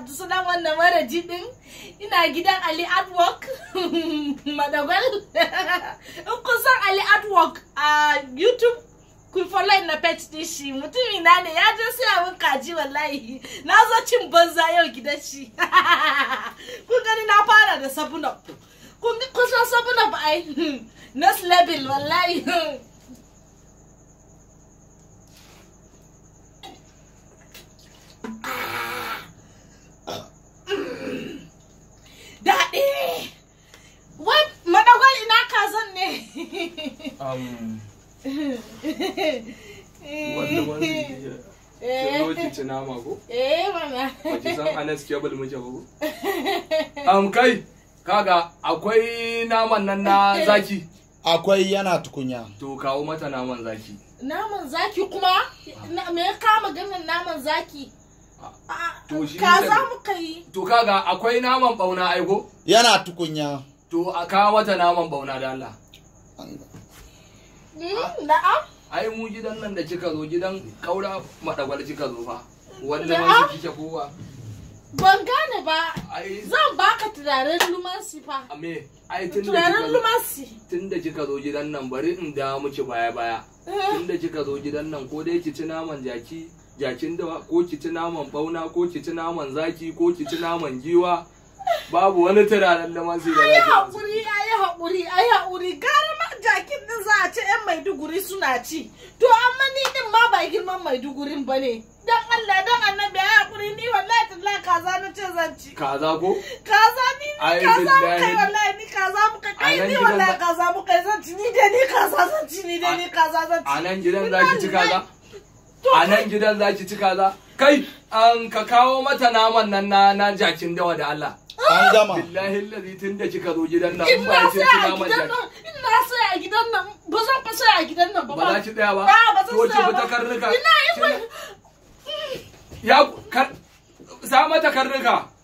abdulsalam wannan mara jidin ina gidan ali artwork madagwal in kun san ali artwork a youtube kun follow in na page din shi mutumi na ne ya je sai mun kaji wallahi na zo cin banza yau gidan shi kun gani na fara da sabunan kun kun san sabunop ai next level wallahi um wanda wanda ya eh. ce nama ko? eh san anas kebul muke ko? am kai kaga akwai naman nan na zaki akwai yana tukunya to kawo mata naman zaki naman zaki kuma me ya kama ganin naman zaki ah, ah, ka za mu kai to kaga akwai naman bauna aiko yana tukunya to a kawo mata naman bauna da Allah Hmm, na'am ai mu gidan nan da kika zo gidan kaura madagwal kika zo fa wanda ma kike kowa ban gane ba zan baka turaren lumansi fa ame ai tun turaren lumansi tun da kika zo gidan nan bari in da miki baya baya eh. tun da kika zo gidan nan ko dai ki ci naman jaki jakin dawa ko ki ci naman bauna ko ki ci naman zaki ko ki ci naman giwa babu wani turaren lumansi da ya hakuri ai hakuri ai hakuri gara ma jakin maiduguri suna ci to amma ni din ma ba girman maidugurin ba ne dan allah dan annabi ya hakuri ni wallahi tallahi kaza na ce zan ci kaza ko kaza ni kaza mu kai wallahi ni kaza mu kai kai ni wallahi kaza mu kai zan ci ni da ni kaza zan ci ni da ni kaza zan ci a nan gidan za ki ci kaza a nan gidan za ki ci kaza kai an ka kawo mata naman nan na na jakin dawa da Allah ah! an gama billahi allazi tunda kika zo gidan nan ba sai ki naman jakin ina sai a gidan nan ba zan fa saya a gidan nan ba ba za ki tsaya ba ba zan tsaya ba takarnuka ina yi ya kar sa mata karnuka